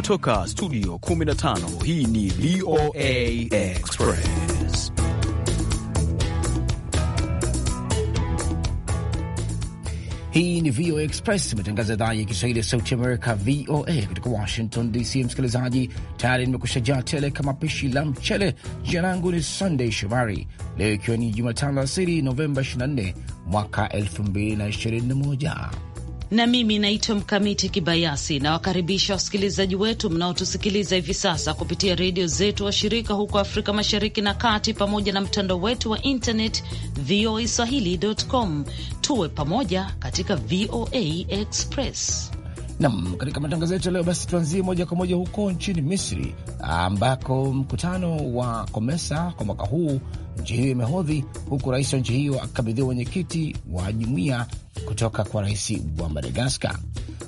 Kutoka studio 15 hii ni VOA Express. Hii ni VOA Express, matangazo ya idhaa ya Kiswahili ya sauti Amerika, VOA kutoka Washington DC. Msikilizaji, tayari nimekusha jaa tele kama pishi la mchele. Jina langu ni Sunday Shomari. Leo ikiwa ni Jumatano asiri, Novemba 24 mwaka 2021 na mimi naitwa Mkamiti Kibayasi. Nawakaribisha wasikilizaji wetu mnaotusikiliza hivi sasa kupitia redio zetu washirika huko Afrika Mashariki na Kati, pamoja na mtandao wetu wa internet VOA swahili.com. Tuwe pamoja katika VOA Express nam. Katika matangazo yetu ya leo, basi tuanzie moja kwa moja huko nchini Misri, ambako mkutano wa Komesa kwa mwaka huu nchi hiyo imehodhi, huku rais wa nchi hiyo akikabidhiwa wenyekiti wa jumuiya kutoka kwa rais wa Madagaskar.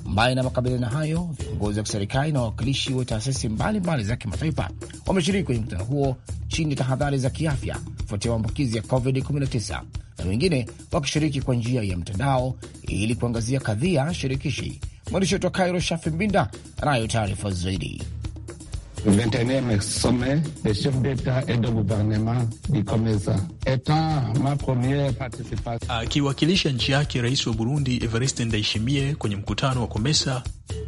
Mbali na makabiliano hayo, viongozi wa kiserikali na wawakilishi wa taasisi mbalimbali za kimataifa wameshiriki kwenye mkutano huo chini ya tahadhari za kiafya kufuatia maambukizi ya COVID-19 na wengine wakishiriki kwa njia ya mtandao ili kuangazia kadhia shirikishi. Mwandishi wetu wa Kairo, Shafi Mbinda, anayo taarifa zaidi. 21e sommet des chefs d'État et de gouvernement COMESA. étant ma première participation. Akiwakilisha ah, nchi yake, rais wa Burundi Evariste Ndayishimiye kwenye mkutano wa COMESA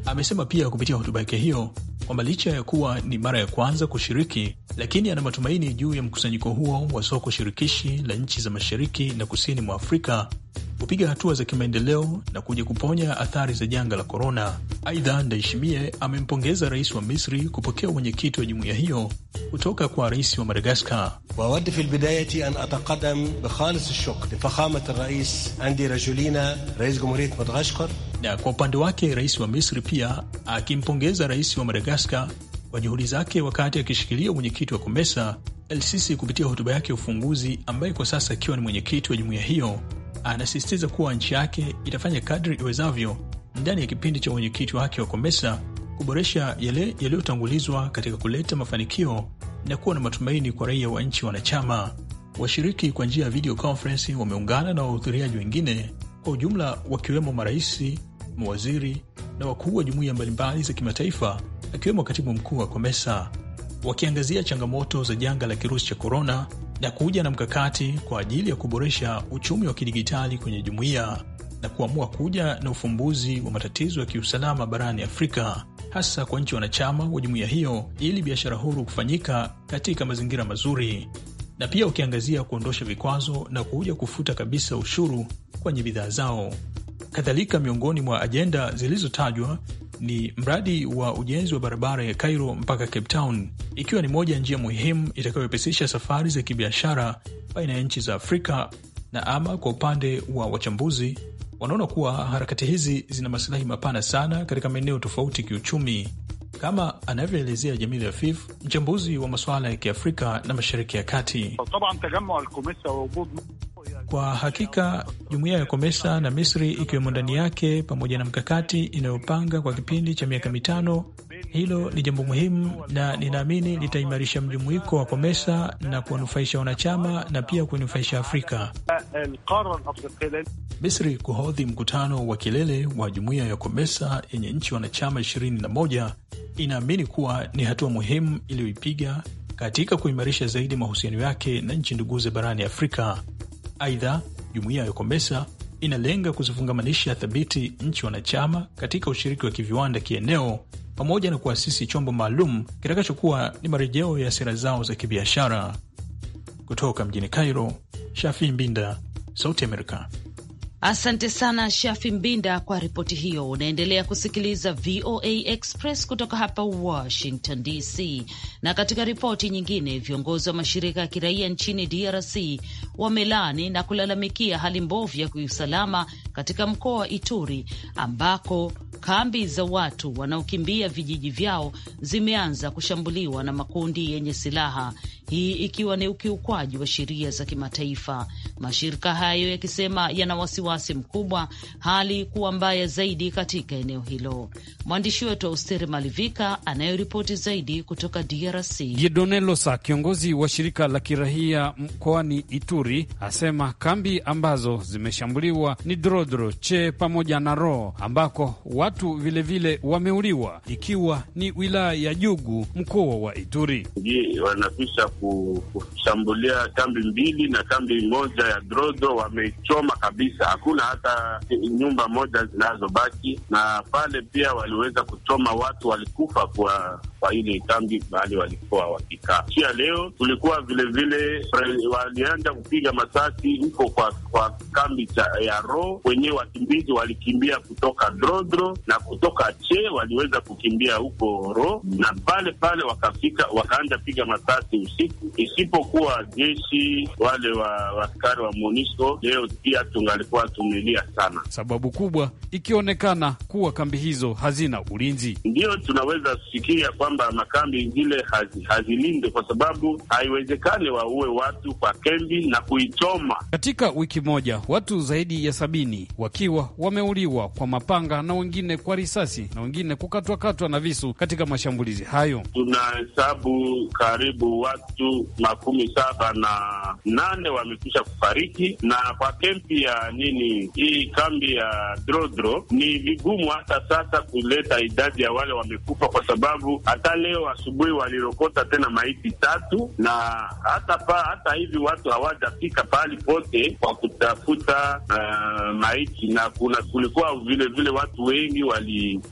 amesema pia kupitia hotuba yake hiyo kwamba licha ya kuwa ni mara ya kwanza kushiriki, lakini ana matumaini juu ya mkusanyiko huo wa soko shirikishi la nchi za mashariki na kusini mwa Afrika kupiga hatua za kimaendeleo na kuja kuponya athari za janga la korona. Aidha, Ndayishimiye amempongeza rais wa Misri kupokea wenyekiti wa jumuiya hiyo kutoka kwa rais wa Madagaskar. wawad fi lbidayati an ataqadam bikhalis shuk lifahamat rais andi rajulina rais jumhuriyat Madagaskar. Na kwa upande wake rais wa Misri pia akimpongeza rais wa Madagaskar kwa juhudi zake wakati akishikilia mwenyekiti wa Komesa. El Sisi kupitia hotuba yake ya ufunguzi, ambaye kwa sasa akiwa ni mwenyekiti wa jumuiya hiyo anasisitiza kuwa nchi yake itafanya kadri iwezavyo ndani ya kipindi cha mwenyekiti wake wa Komesa kuboresha yale yaliyotangulizwa katika kuleta mafanikio na kuwa na matumaini kwa raia wa nchi wanachama. Washiriki kwa njia ya video conference wameungana na wahudhuriaji wengine kwa ujumla, wakiwemo maraisi, mawaziri na wakuu wa jumuiya mbalimbali za kimataifa, akiwemo katibu mkuu wa Komesa, wakiangazia changamoto za janga la kirusi cha korona na kuja na mkakati kwa ajili ya kuboresha uchumi wa kidigitali kwenye jumuiya na kuamua kuja na ufumbuzi wa matatizo ya kiusalama barani Afrika, hasa kwa nchi wanachama wa jumuiya hiyo, ili biashara huru kufanyika katika mazingira mazuri, na pia ukiangazia kuondosha vikwazo na kuja kufuta kabisa ushuru kwenye bidhaa zao. Kadhalika, miongoni mwa ajenda zilizotajwa ni mradi wa ujenzi wa barabara ya Cairo mpaka Cape Town, ikiwa ni moja ya njia muhimu itakayowepesisha safari za kibiashara baina ya nchi za Afrika. Na ama kwa upande wa wachambuzi, wanaona kuwa harakati hizi zina masilahi mapana sana katika maeneo tofauti kiuchumi, kama anavyoelezea Jamil Afif, mchambuzi wa masuala ya kiafrika na mashariki ya kati. Kwa hakika jumuiya ya Komesa na Misri ikiwemo ndani yake, pamoja na mkakati inayopanga kwa kipindi cha miaka mitano, hilo ni jambo muhimu na ninaamini litaimarisha mjumuiko wa Komesa na kuwanufaisha wanachama na pia kuinufaisha Afrika. Misri kuhodhi mkutano wa kilele wa jumuiya ya Komesa yenye nchi wanachama 21 inaamini kuwa ni hatua muhimu iliyoipiga katika kuimarisha zaidi mahusiano yake na nchi nduguze barani Afrika. Aidha, jumuiya ya COMESA inalenga kuzifungamanisha thabiti nchi wanachama katika ushiriki wa kiviwanda kieneo pamoja na kuasisi chombo maalum kitakachokuwa ni marejeo ya sera zao za kibiashara. Kutoka mjini Cairo, Shafi Mbinda, Sauti Amerika. Asante sana Shafi Mbinda kwa ripoti hiyo. Unaendelea kusikiliza VOA Express kutoka hapa Washington DC. Na katika ripoti nyingine, viongozi wa mashirika ya kiraia nchini DRC wamelani na kulalamikia hali mbovu ya kiusalama katika mkoa wa Ituri ambako kambi za watu wanaokimbia vijiji vyao zimeanza kushambuliwa na makundi yenye silaha, hii ikiwa ni ukiukwaji wa sheria za kimataifa, mashirika hayo yakisema yana wasiwasi wasiwasi mkubwa hali kuwa mbaya zaidi katika eneo hilo. Mwandishi wetu wa Malivika anayoripoti zaidi kutoka DRC. Gideon kiongozi wa shirika la kirahia mkoani Ituri, asema kambi ambazo zimeshambuliwa ni Drodro, Che pamoja na Ro ambako watu vilevile vile wameuliwa, ikiwa ni wilaya ya Jugu, mkoa wa Ituri. Wanapisha kushambulia kambi mbili na kambi moja ya Drodro wameichoma kabisa hakuna hata nyumba moja zinazobaki, na pale pia waliweza kuchoma watu walikufa kwa kwa ile kambi mahali walikuwa wakikaa. Pia leo tulikuwa vilevile walianza kupiga masasi huko kwa, kwa kambi cha, ya Ro wenyewe. Wakimbizi walikimbia kutoka Drodro na kutoka Che waliweza kukimbia huko Ro na pale pale wakafika wakaanja piga masasi usiku, isipokuwa jeshi wale wa askari wa MONUSCO leo pia tungalikuwa watu umelia sana, sababu kubwa ikionekana kuwa kambi hizo hazina ulinzi. Ndiyo tunaweza fikiria kwamba makambi zile hazi, hazilindwe kwa sababu haiwezekani waue watu kwa kambi na kuichoma. Katika wiki moja watu zaidi ya sabini wakiwa wameuliwa kwa mapanga na wengine kwa risasi na wengine kukatwakatwa na visu katika mashambulizi hayo. Tunahesabu karibu watu makumi saba na nane wamekwisha kufariki na kwa kempi ya nini lakini hii kambi ya Drodro ni vigumu hata sasa kuleta idadi ya wale wamekufa, kwa sababu hata leo asubuhi walirokota tena maiti tatu, na hata pa, hata hivi watu hawajafika pahali pote kwa kutafuta uh, maiti, na kuna kulikuwa vilevile vile watu wengi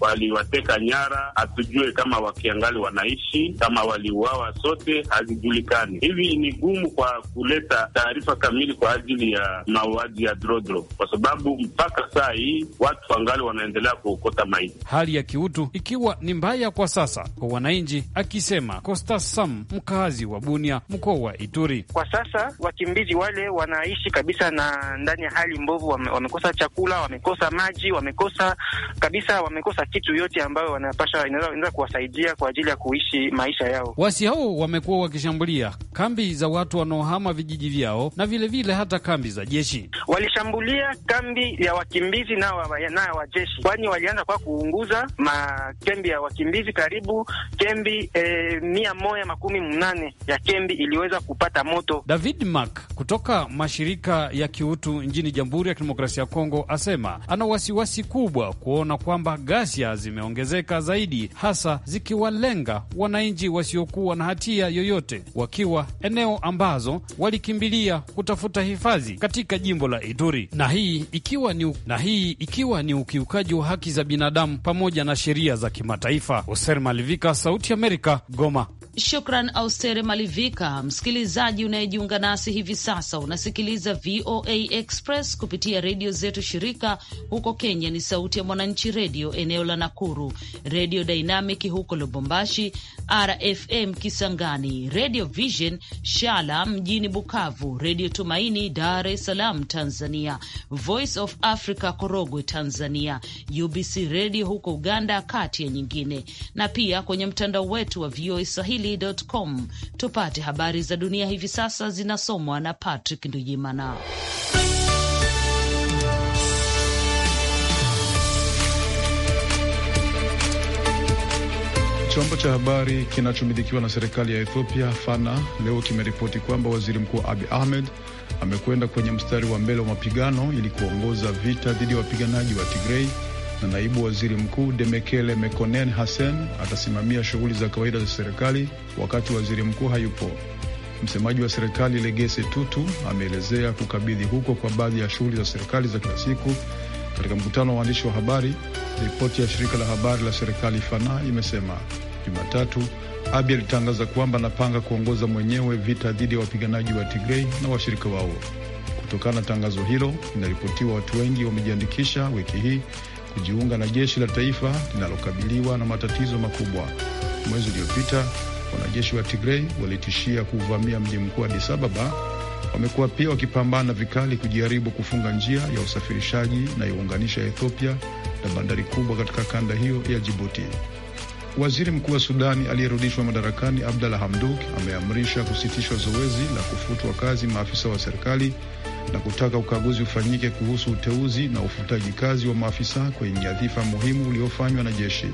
waliwateka wali nyara, hatujue kama wakiangali wanaishi kama waliuawa, sote hazijulikani. Hivi ni gumu kwa kuleta taarifa kamili kwa ajili ya mauaji ya Drodro kwa sababu mpaka saa hii watu wangali wanaendelea kuokota maiti. Hali ya kiutu ikiwa ni mbaya kwa sasa kwa wananchi, akisema Costas Sam, mkazi wa Bunia, mkoa wa Ituri. Kwa sasa wakimbizi wale wanaishi kabisa na ndani ya hali mbovu, wame, wamekosa chakula, wamekosa maji, wamekosa kabisa, wamekosa kitu yote ambayo wanapasha inaweza kuwasaidia kwa ajili ya kuishi maisha yao. Wasi hao wamekuwa wakishambulia kambi za watu wanaohama vijiji vyao na vilevile vile hata kambi za jeshi walishambulia walishambulia kambi ya wakimbizi na wa wajeshi, kwani walianza kwa kuunguza makembi ya wakimbizi karibu kembi e, mia moja makumi mnane ya kembi iliweza kupata moto. David Mark kutoka mashirika ya kiutu nchini Jamhuri ya Kidemokrasia ya Kongo asema ana wasiwasi kubwa kuona kwamba ghasia zimeongezeka zaidi, hasa zikiwalenga wananchi wasiokuwa na hatia yoyote, wakiwa eneo ambazo walikimbilia kutafuta hifadhi katika jimbo la Ituri na hii ikiwa ni, na hii ikiwa ni ukiukaji wa haki za binadamu pamoja na sheria za kimataifa. Hoser Malivika, Sauti Amerika, Goma. Shukran Austere Malivika. Msikilizaji unayejiunga nasi hivi sasa, unasikiliza VOA Express kupitia redio zetu shirika. Huko Kenya ni Sauti ya Mwananchi redio eneo la Nakuru, Redio Dynamic huko Lubumbashi, RFM Kisangani, Redio Vision Shala mjini Bukavu, Redio Tumaini Dar es Salaam Tanzania, Voice of Africa Korogwe Tanzania, UBC Redio huko Uganda, kati ya nyingine, na pia kwenye mtandao wetu wa VOA Swahili swahili.com. Tupate habari za dunia hivi sasa, zinasomwa na Patrick Ndujimana. Chombo cha habari kinachomilikiwa na serikali ya Ethiopia Fana leo kimeripoti kwamba waziri mkuu Abi Ahmed amekwenda kwenye mstari wa mbele wa mapigano ili kuongoza vita dhidi ya wapiganaji wa Tigrei na naibu waziri mkuu Demekele Mekonen Hassen atasimamia shughuli za kawaida za serikali wakati waziri mkuu hayupo. Msemaji wa serikali Legese Tutu ameelezea kukabidhi huko kwa baadhi ya shughuli za serikali za kila siku katika mkutano wa waandishi wa habari. Ripoti ya shirika la habari la serikali Fana imesema Jumatatu abi alitangaza kwamba anapanga kuongoza mwenyewe vita dhidi ya wapiganaji wa Tigrei na washirika wao. Kutokana na tangazo hilo, inaripotiwa watu wengi wamejiandikisha wiki hii kujiunga na jeshi la taifa linalokabiliwa na matatizo makubwa. Mwezi uliopita wanajeshi wa Tigrei walitishia kuvamia mji mkuu wa Addis Ababa. Wamekuwa pia wakipambana vikali kujaribu kufunga njia ya usafirishaji inayounganisha Ethiopia na bandari kubwa katika kanda hiyo ya Jibuti. Waziri mkuu wa Sudani aliyerudishwa madarakani Abdalla Hamduk ameamrisha kusitishwa zoezi la kufutwa kazi maafisa wa serikali na kutaka ukaguzi ufanyike kuhusu uteuzi na ufutaji kazi wa maafisa kwenye nyadhifa muhimu uliofanywa na jeshi.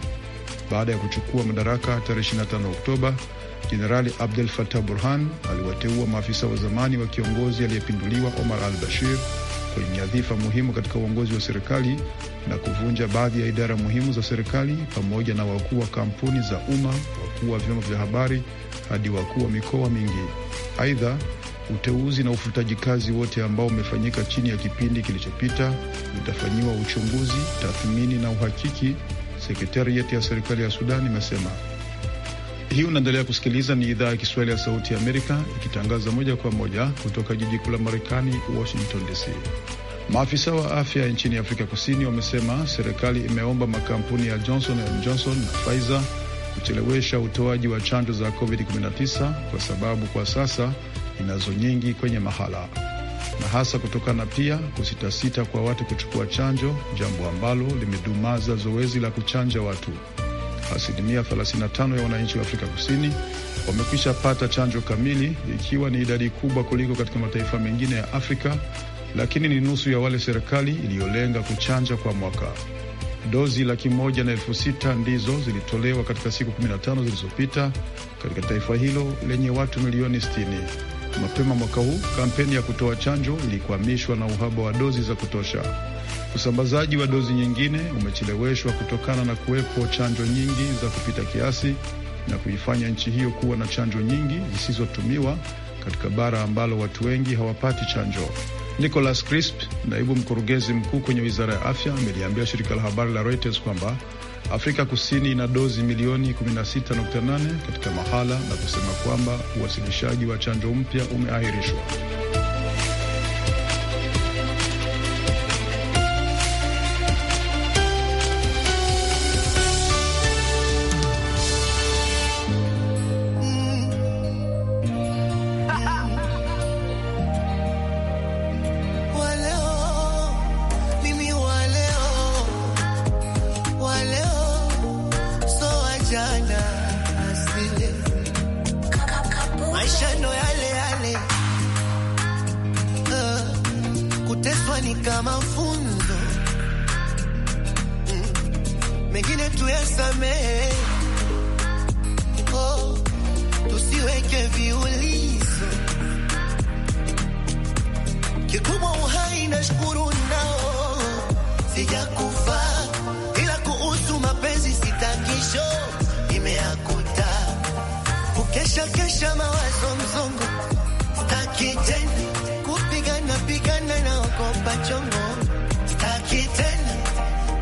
Baada ya kuchukua madaraka tarehe 25 Oktoba, Jenerali Abdel fatah Burhan aliwateua maafisa wa zamani wa kiongozi aliyepinduliwa Omar al Bashir kwenye nyadhifa muhimu katika uongozi wa serikali na kuvunja baadhi ya idara muhimu za serikali pamoja na wakuu wa kampuni za umma, wakuu wa vyombo vya habari hadi wakuu wa mikoa mingi. Aidha, uteuzi na ufutaji kazi wote ambao umefanyika chini ya kipindi kilichopita utafanyiwa uchunguzi, tathmini na uhakiki, sekretarieti ya serikali ya Sudan imesema. Hii unaendelea kusikiliza, ni idhaa ya Kiswahili ya Sauti ya Amerika ikitangaza moja kwa moja kutoka jiji kuu la Marekani, Washington DC. Maafisa wa afya nchini Afrika Kusini wamesema serikali imeomba makampuni ya Johnson and Johnson na Pfizer kuchelewesha utoaji wa chanjo za COVID-19 kwa sababu kwa sasa inazo nyingi kwenye mahala na hasa kutokana pia kusitasita kwa watu kuchukua chanjo, jambo ambalo limedumaza zoezi la kuchanja watu asilimia 35 ya wananchi wa Afrika Kusini wamekwisha pata chanjo kamili, ikiwa ni idadi kubwa kuliko katika mataifa mengine ya Afrika, lakini ni nusu ya wale serikali iliyolenga kuchanja kwa mwaka. Dozi laki moja na elfu sita ndizo zilitolewa katika siku 15 zilizopita katika taifa hilo lenye watu milioni 60. Mapema mwaka huu kampeni ya kutoa chanjo ilikwamishwa na uhaba wa dozi za kutosha. Usambazaji wa dozi nyingine umecheleweshwa kutokana na kuwepo chanjo nyingi za kupita kiasi na kuifanya nchi hiyo kuwa na chanjo nyingi zisizotumiwa katika bara ambalo watu wengi hawapati chanjo. Nicholas Crisp, naibu mkurugenzi mkuu kwenye wizara ya afya, ameliambia shirika la habari la Reuters kwamba Afrika Kusini ina dozi milioni 16.8 katika mahala na kusema kwamba uwasilishaji wa chanjo mpya umeahirishwa. kama ni kama funzo mm, mengine tuyasamehe, oh, tusiweke viulizo. Kikubwa uhai na shukuru nao, sijakufa ila kuhusu mapenzi sitakisho imeakuta kukesha kesha mawazo mzongo, sitaki tena kupigana pigana nao mkopa chongo, staki tena,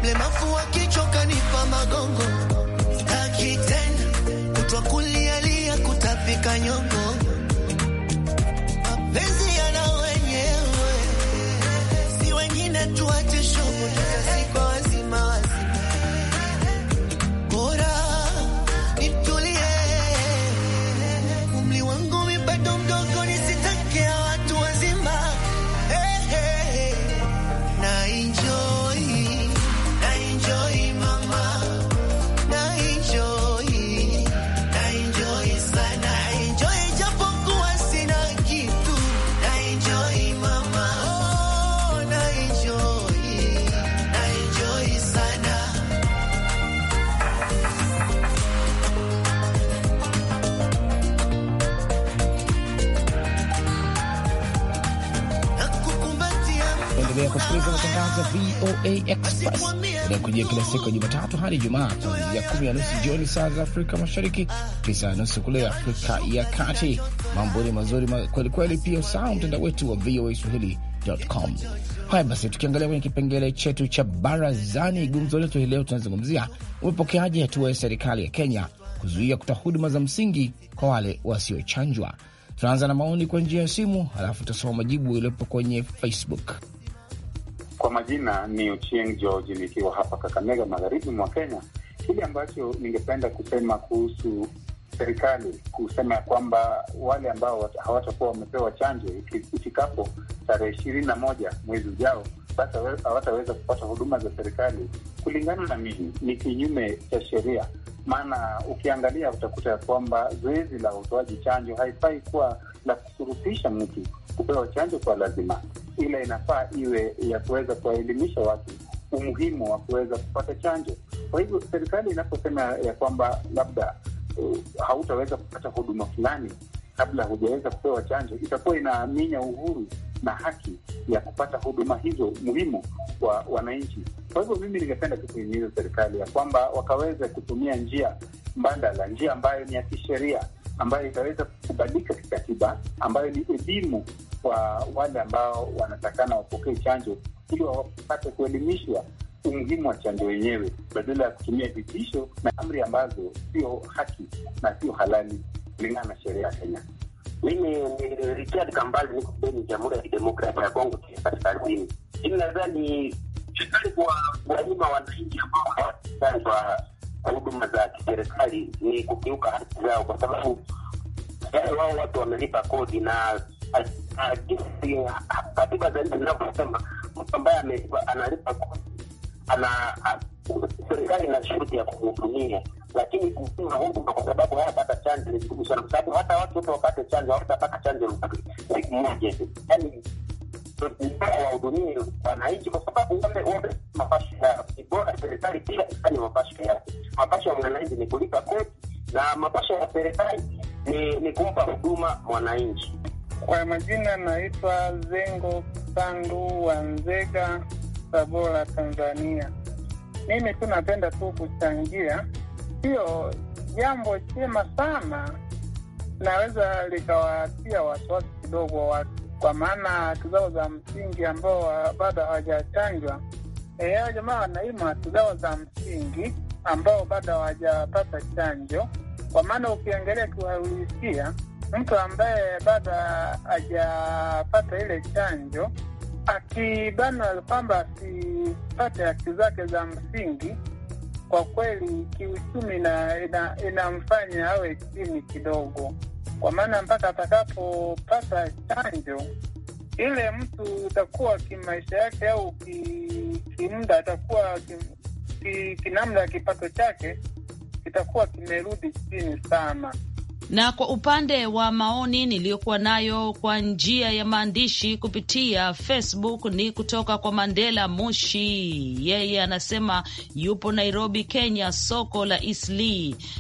mlemafu akichoka nipa magongo, staki tena, kutwa kulialia kutapika nyongo, mapenzi yana wenyewe, si wengine tuache shughuli za siku VOA Express inakujia kila siku ya Jumatatu hadi Ijumaa kuanzia kumi na nusu jioni saa za Afrika Mashariki, tisa na nusu kule Afrika ya Kati. Mambo ni mazuri kwelikweli. Pia usahau mtandao wetu wa VOA Swahili.com. Haya basi, tukiangalia kwenye kipengele chetu cha barazani, gumzo letu hii leo tunazungumzia umepokeaje hatua ya serikali ya Kenya kuzuia kutoa huduma za msingi kwa wale wasiochanjwa. Tunaanza na maoni kwa njia ya simu, halafu tutasoma majibu yaliyopo kwenye Facebook. Kwa majina ni Uchieng George, nikiwa hapa Kakamega, magharibi mwa Kenya. Kile ambacho ningependa kusema kuhusu serikali kusema ya kwamba wale ambao hawatakuwa wamepewa chanjo ifikapo tarehe ishirini na moja mwezi ujao, basi hawataweza kupata huduma za serikali. Kulingana na mimi, ni kinyume cha sheria, maana ukiangalia utakuta ya kwamba zoezi la utoaji chanjo haifai kuwa la kushurutisha mtu kupewa chanjo kwa lazima, ila inafaa iwe ya kuweza kuwaelimisha watu umuhimu wa kuweza kupata chanjo. Kwa hivyo serikali inaposema ya kwamba labda uh, hautaweza kupata huduma fulani kabla hujaweza kupewa chanjo, itakuwa inaaminya uhuru na haki ya kupata huduma hizo muhimu kwa wananchi. Kwa hivyo mimi ningependa tu kuhimiza serikali ya kwamba wakaweze kutumia njia mbadala, njia ambayo ni ya kisheria ambayo itaweza kukubalika kikatiba, ambayo ni elimu kwa wale ambao wanatakana wapokee chanjo, ili wapate kuelimishwa umuhimu wa chanjo yenyewe badala ya kutumia vitisho na amri ambazo sio haki na sio halali kulingana na sheria ya Kenya. Mimi ni Richard Kambali, niko Beni, Jamhuri ya Kidemokrasia ya Kongo Kaskazini. Nadhani serikali kwa wanyima wananchi ambao hawachanjwa huduma za kiserikali ni kukiuka haki zao, kwa sababu wao watu wamelipa kodi na ah, ah, jinsi katiba za nchi zinavyosema, mtu ambaye analipa kodi ana ah, serikali na shuruti ya kuhudumia, lakini kupima huduma kwa sababu hayapata chanjo ni vigumu sana, kwa sababu hata watu wote wapate chanjo hawatapata chanjo siku moja, yani wahudumie wananchi kwa sababu wame wamepata yao bora serikali bila ifanye mapasho yake. Mapasho ya mwananchi ni kulipa kodi na mapasho ya serikali ni, ni kumpa huduma mwananchi. Kwa majina naitwa Zengo Sandu wa Nzega, Tabora, Tanzania. Mimi tu napenda tu kuchangia, hiyo jambo chema sana, naweza likawatia wasiwasi kidogo watu, kwa maana kizao zao za msingi ambao bado hawajachanjwa Eh, hawa jamaa wanaimwa tu dawa za msingi ambao bado hawajapata chanjo, kwa maana ukiangalia kiuhalisia, mtu ambaye bado hajapata ile chanjo akibanwa kwamba asipate haki zake za msingi, kwa kweli kiuchumi inamfanya ina awe chini kidogo, kwa maana mpaka atakapopata chanjo ile mtu utakuwa kimaisha yake au ki kimda atakuwa kinamna ya kipato chake kitakuwa kimerudi chini sana. Na kwa upande wa maoni niliyokuwa nayo kwa njia ya maandishi kupitia Facebook ni kutoka kwa Mandela Mushi, yeye anasema yupo Nairobi, Kenya, soko la sl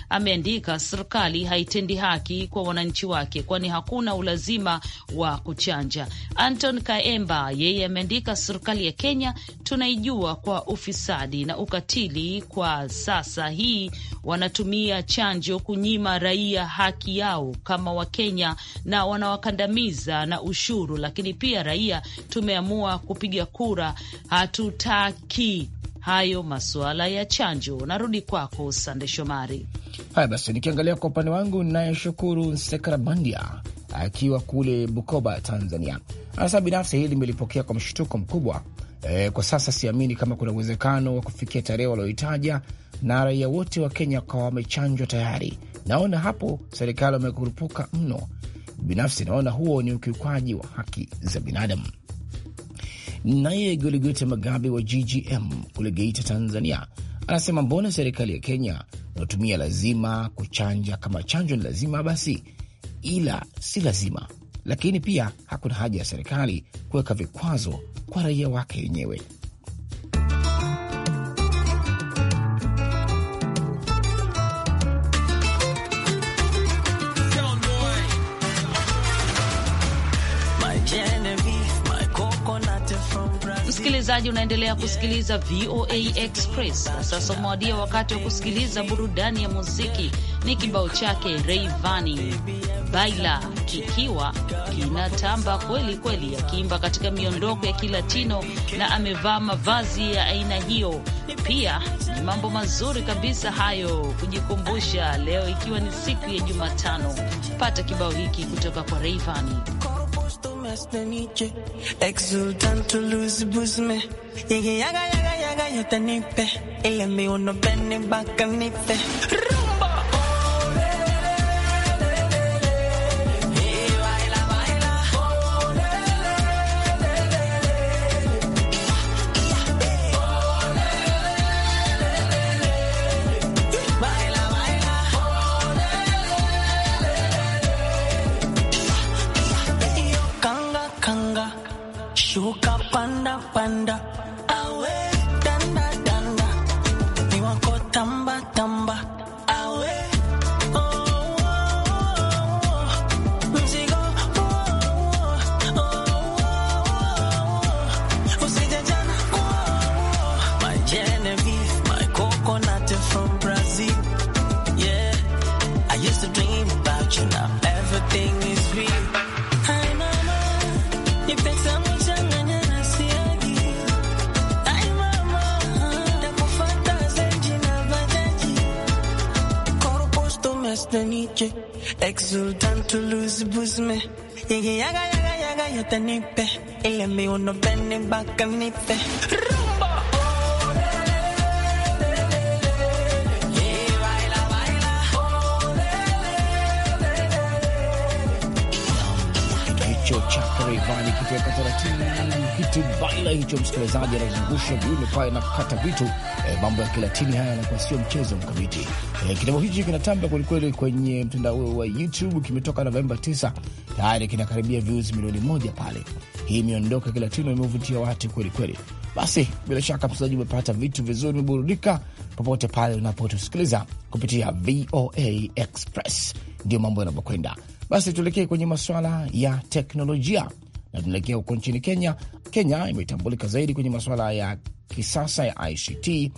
Ameandika, serikali haitendi haki kwa wananchi wake, kwani hakuna ulazima wa kuchanja. Anton Kaemba yeye ameandika, serikali ya Kenya tunaijua kwa ufisadi na ukatili, kwa sasa hii wanatumia chanjo kunyima raia haki haki yao kama Wakenya na wanawakandamiza na ushuru, lakini pia raia tumeamua kupiga kura, hatutaki hayo masuala ya chanjo. Narudi kwako Sande Shomari. Haya basi, nikiangalia kwa upande wangu, nayeshukuru Shukuru Nsekarabandia akiwa kule Bukoba, Tanzania, anasema binafsi hili limelipokea kwa mshtuko mkubwa. E, kwa sasa siamini kama kuna uwezekano wa kufikia tarehe walioitaja, na raia wote wa Kenya wakawa wamechanjwa tayari. Naona hapo serikali wamekurupuka mno. Binafsi naona huo ni ukiukwaji wa haki za binadamu. Naye Goligote Magabe wa GGM kule Geita, Tanzania, anasema mbona serikali ya Kenya unatumia lazima kuchanja? Kama chanjo ni lazima, basi ila si lazima, lakini pia hakuna haja ya serikali kuweka vikwazo kwa raia wake wenyewe. Msikilizaji, unaendelea kusikiliza VOA Express na sasa umewadia wakati wa kusikiliza burudani ya muziki. Ni kibao chake Rayvanny Baila kikiwa kinatamba kweli kweli, akiimba katika miondoko ya Kilatino na amevaa mavazi ya aina hiyo. Pia ni mambo mazuri kabisa hayo kujikumbusha leo, ikiwa ni siku ya Jumatano. Pata kibao hiki kutoka kwa Rayvanny. más de niche. Exultante luz busme. Yigi yaga yaga yaga yotanipe. El envío no pene bacanipe. Shuka panda panda awe danda danda niwakotamba Exultant exultante ulizibuzume yengiyaga yaga yaga yaga yata nipe, yotanipe ile miuno beni nipe. hicho cha Karevani kitoweka taratibu kitu baila hicho, msikilizaji anazungusha viume pale na kukata vitu. Eh, mambo ya Kilatini haya yanakuwa sio mchezo mkamiti. Eh, kitabu hichi kinatamba kwelikweli kwenye mtandao wa YouTube, kimetoka Novemba 9 tayari kinakaribia views milioni moja pale. Hii miondoko ya Kilatini imevutia watu kwelikweli. Basi bila shaka msikilizaji, umepata vitu vizuri, umeburudika popote pale unapotusikiliza kupitia VOA Express. Ndio mambo yanavyokwenda. Basi tuelekee kwenye masuala ya teknolojia na tunaelekea huko nchini Kenya. Kenya imetambulika zaidi kwenye masuala ya kisasa ya ICT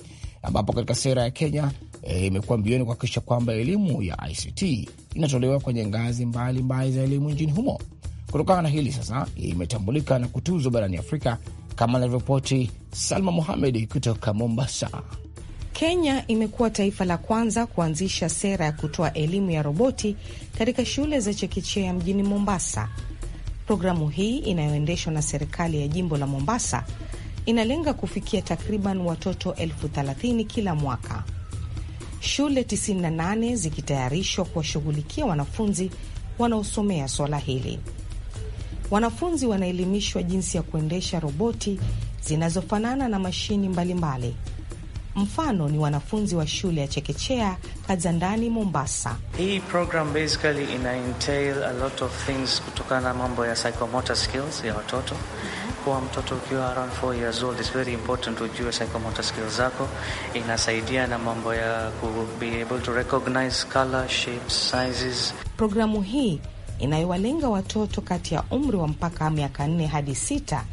ambapo katika sera ya Kenya e, imekuwa mbioni kuhakikisha kwamba elimu ya ICT inatolewa kwenye ngazi mbalimbali za elimu nchini humo. Kutokana na hili sasa, imetambulika na kutuzwa barani Afrika kama anavyoripoti Salma muhamed kutoka Mombasa. Kenya imekuwa taifa la kwanza kuanzisha sera ya kutoa elimu ya roboti katika shule za chekechea mjini Mombasa. Programu hii inayoendeshwa na serikali ya jimbo la Mombasa inalenga kufikia takriban watoto elfu thelathini kila mwaka, shule 98 zikitayarishwa kuwashughulikia wanafunzi wanaosomea swala hili. Wanafunzi wanaelimishwa jinsi ya kuendesha roboti zinazofanana na mashini mbalimbali mbali Mfano ni wanafunzi wa shule ya chekechea Kazandani, Mombasa. Hii program basically ina entail a lot of things kutokana na mambo ya psychomotor skills ya watoto kuwa mtoto ukiwa around 4 years old is very important ujue psychomotor skills zako. Inasaidia na mambo ya ku be able to recognize color, shapes, sizes. Programu hii inayowalenga watoto kati ya umri wa mpaka miaka 4 hadi sita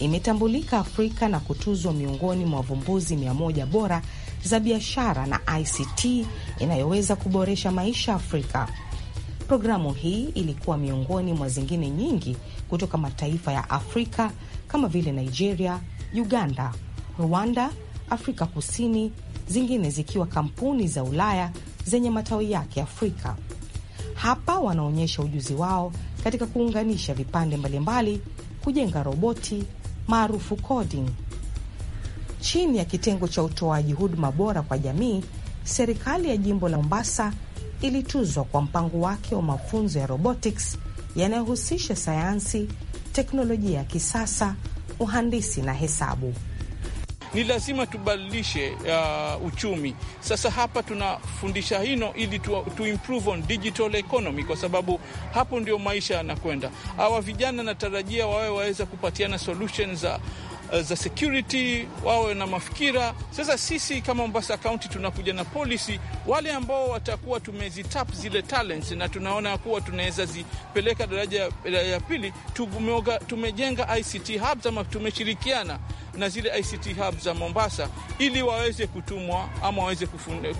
imetambulika Afrika na kutuzwa miongoni mwa vumbuzi mia moja bora za biashara na ICT inayoweza kuboresha maisha Afrika. Programu hii ilikuwa miongoni mwa zingine nyingi kutoka mataifa ya Afrika kama vile Nigeria, Uganda, Rwanda, Afrika Kusini, zingine zikiwa kampuni za Ulaya zenye matawi yake Afrika. Hapa wanaonyesha ujuzi wao katika kuunganisha vipande mbalimbali, kujenga roboti maarufu coding. Chini ya kitengo cha utoaji huduma bora kwa jamii, serikali ya jimbo la Mombasa ilituzwa kwa mpango wake wa mafunzo ya robotics yanayohusisha sayansi, teknolojia ya kisasa, uhandisi na hesabu ni lazima tubadilishe uh, uchumi. Sasa hapa tunafundisha hino ili tu, tu improve on digital economy, kwa sababu hapo ndio maisha yanakwenda. Hawa vijana natarajia wawe waweza kupatiana solutions za uh, za security, wawe na mafikira. Sasa sisi kama Mombasa County tunakuja na policy, wale ambao watakuwa tumezitap zile talents na tunaona kuwa tunaweza zipeleka daraja ya pili. Tumejenga ICT hubs ama tumeshirikiana na zile ICT hub za Mombasa ili waweze kutumwa ama waweze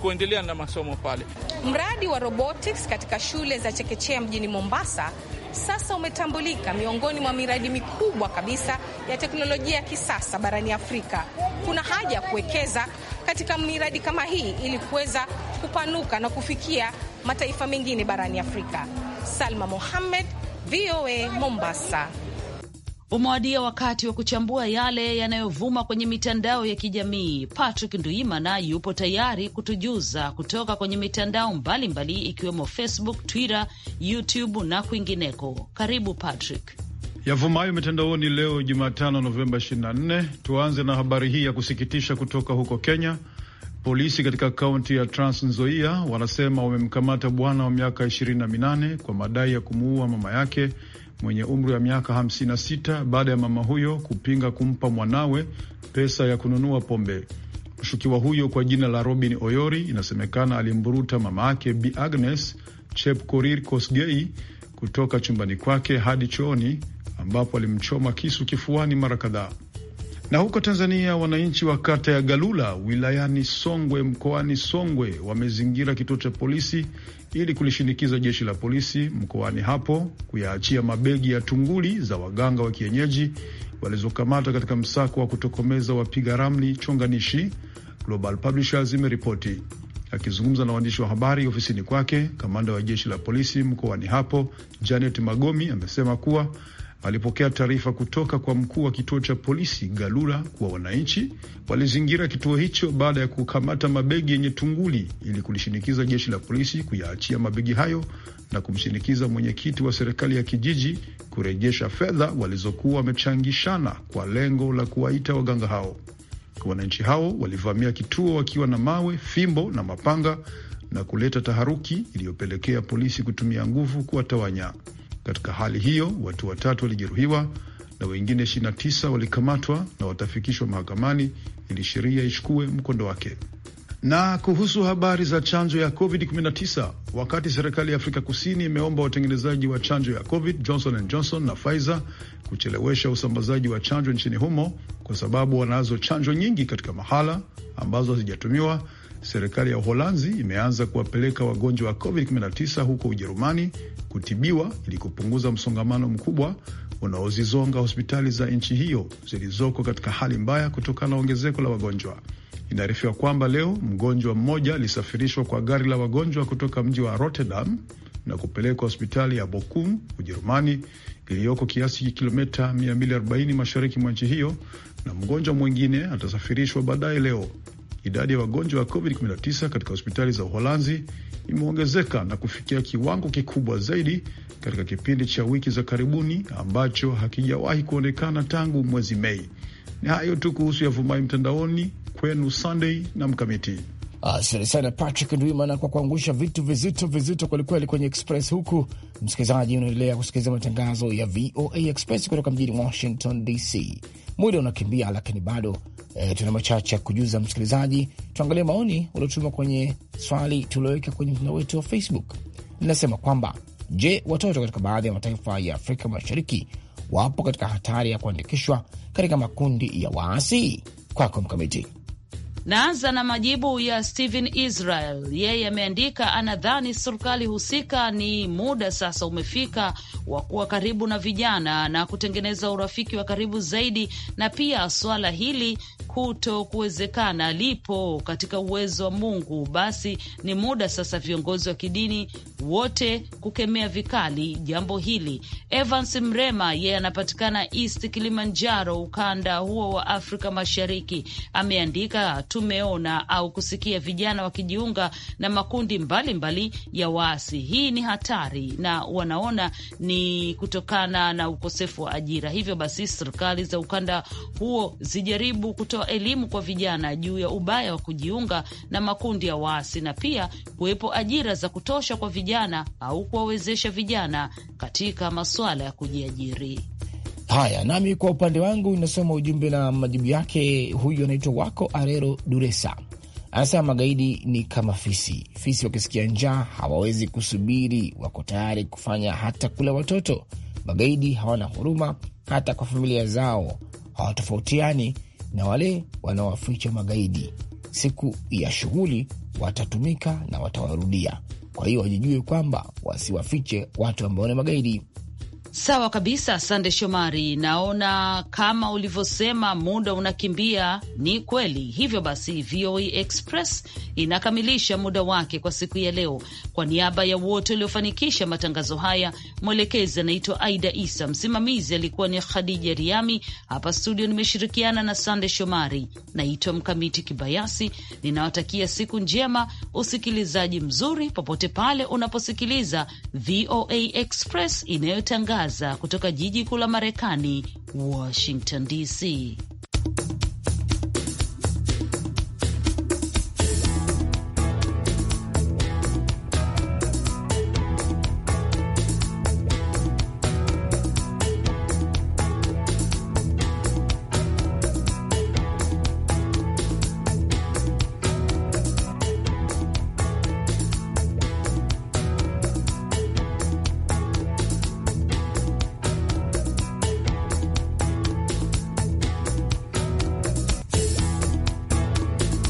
kuendelea na masomo pale. Mradi wa robotics katika shule za chekechea mjini Mombasa sasa umetambulika miongoni mwa miradi mikubwa kabisa ya teknolojia ya kisasa barani Afrika. Kuna haja ya kuwekeza katika miradi kama hii ili kuweza kupanuka na kufikia mataifa mengine barani Afrika. Salma Mohamed, VOA Mombasa. Umewadia wakati wa kuchambua yale yanayovuma kwenye mitandao ya kijamii. Patrick Nduimana yupo tayari kutujuza kutoka kwenye mitandao mbalimbali mbali, ikiwemo Facebook, Twitter, YouTube na kwingineko. Karibu Patrick. Yavumayo mitandaoni leo Jumatano, Novemba 24. Tuanze na habari hii ya kusikitisha kutoka huko Kenya. Polisi katika kaunti ya Trans Nzoia wanasema wamemkamata bwana wa miaka 28 kwa madai ya kumuua mama yake mwenye umri wa miaka 56 baada ya mama huyo kupinga kumpa mwanawe pesa ya kununua pombe. Mshukiwa huyo kwa jina la Robin Oyori inasemekana alimburuta mama yake Bi Agnes Chepkorir Kosgei kutoka chumbani kwake hadi chooni ambapo alimchoma kisu kifuani mara kadhaa. Na huko Tanzania, wananchi wa kata ya Galula wilayani Songwe mkoani Songwe wamezingira kituo cha polisi ili kulishinikiza jeshi la polisi mkoani hapo kuyaachia mabegi ya tunguli za waganga wa kienyeji walizokamata katika msako wa kutokomeza wapiga ramli chonganishi, Global Publishers imeripoti. Akizungumza na waandishi wa habari ofisini kwake, kamanda wa jeshi la polisi mkoani hapo Janet Magomi amesema kuwa alipokea taarifa kutoka kwa mkuu wa kituo cha polisi Galula kuwa wananchi walizingira kituo hicho baada ya kukamata mabegi yenye tunguli ili kulishinikiza jeshi la polisi kuyaachia mabegi hayo na kumshinikiza mwenyekiti wa serikali ya kijiji kurejesha fedha walizokuwa wamechangishana kwa lengo la kuwaita waganga hao. Wananchi hao walivamia kituo wakiwa na mawe, fimbo na mapanga na kuleta taharuki iliyopelekea polisi kutumia nguvu kuwatawanya. Katika hali hiyo, watu watatu walijeruhiwa na wengine 29 walikamatwa na watafikishwa mahakamani ili sheria ichukue mkondo wake. Na kuhusu habari za chanjo ya COVID-19, wakati serikali ya Afrika Kusini imeomba watengenezaji wa chanjo ya COVID Johnson and Johnson na Pfizer kuchelewesha usambazaji wa chanjo nchini humo kwa sababu wanazo chanjo nyingi katika mahala ambazo hazijatumiwa Serikali ya Uholanzi imeanza kuwapeleka wagonjwa wa COVID-19 huko Ujerumani kutibiwa ili kupunguza msongamano mkubwa unaozizonga hospitali za nchi hiyo zilizoko katika hali mbaya kutokana na ongezeko la wagonjwa. Inaarifiwa kwamba leo mgonjwa mmoja alisafirishwa kwa gari la wagonjwa kutoka mji wa Rotterdam na kupelekwa hospitali ya Bokum Ujerumani iliyoko kiasi kilomita 240 mashariki mwa nchi hiyo, na mgonjwa mwingine atasafirishwa baadaye leo idadi ya wagonjwa wa COVID-19 katika hospitali za Uholanzi imeongezeka na kufikia kiwango kikubwa zaidi katika kipindi cha wiki za karibuni ambacho hakijawahi kuonekana tangu mwezi Mei. Ni hayo tu kuhusu yavumai mtandaoni. Kwenu Sunday na Mkamiti. Ah, asante sana Patrick Ndwimana kwa kuangusha vitu vizito vizito kwelikweli kwenye Express. Huku msikilizaji unaendelea kusikiliza matangazo ya VOA Express kutoka mjini Washington DC. Muda unakimbia, lakini bado E, tuna machache ya kujuza msikilizaji. Tuangalie maoni uliotuma kwenye swali tulioweka kwenye mtandao wetu wa Facebook. Linasema kwamba je, watoto katika baadhi ya mataifa ya Afrika Mashariki wapo katika hatari ya kuandikishwa katika makundi ya waasi? Kwako Mkamiti. Naanza na majibu ya Steven Israel. Yeye ameandika, anadhani serikali husika ni muda sasa umefika wa kuwa karibu na vijana na kutengeneza urafiki wa karibu zaidi, na pia swala hili kuto kuwezekana lipo katika uwezo wa Mungu. Basi ni muda sasa viongozi wa kidini wote kukemea vikali jambo hili. Evans Mrema yeye anapatikana East Kilimanjaro, ukanda huo wa Afrika Mashariki, ameandika tumeona au kusikia vijana wakijiunga na makundi mbalimbali mbali ya waasi. Hii ni hatari, na wanaona ni kutokana na ukosefu wa ajira. Hivyo basi, serikali za ukanda huo zijaribu kutoa elimu kwa vijana juu ya ubaya wa kujiunga na makundi ya waasi, na pia kuwepo ajira za kutosha kwa vijana au kuwawezesha vijana katika masuala ya kujiajiri. Haya, nami kwa upande wangu inasoma ujumbe na majibu yake. Huyu anaitwa Wako Arero Duresa, anasema magaidi ni kama fisi. Fisi wakisikia njaa hawawezi kusubiri, wako tayari kufanya hata kula watoto. Magaidi hawana huruma hata kwa familia zao, hawatofautiani na wale wanaowaficha magaidi. Siku ya shughuli watatumika na watawarudia. Kwa hiyo wajijue kwamba wasiwafiche watu ambao ni magaidi. Sawa kabisa, Sande Shomari. Naona kama ulivyosema muda unakimbia, ni kweli hivyo. Basi VOA e Express inakamilisha muda wake kwa siku ya leo. Kwa niaba ya wote waliofanikisha matangazo haya, mwelekezi anaitwa Aida Isa, msimamizi alikuwa ni Khadija Riami. Hapa studio nimeshirikiana na Sande Shomari. Naitwa Mkamiti Kibayasi, ninawatakia siku njema, usikilizaji mzuri popote pale unaposikiliza VOA e Express inayotangaza kutoka jiji kuu la Marekani, Washington DC.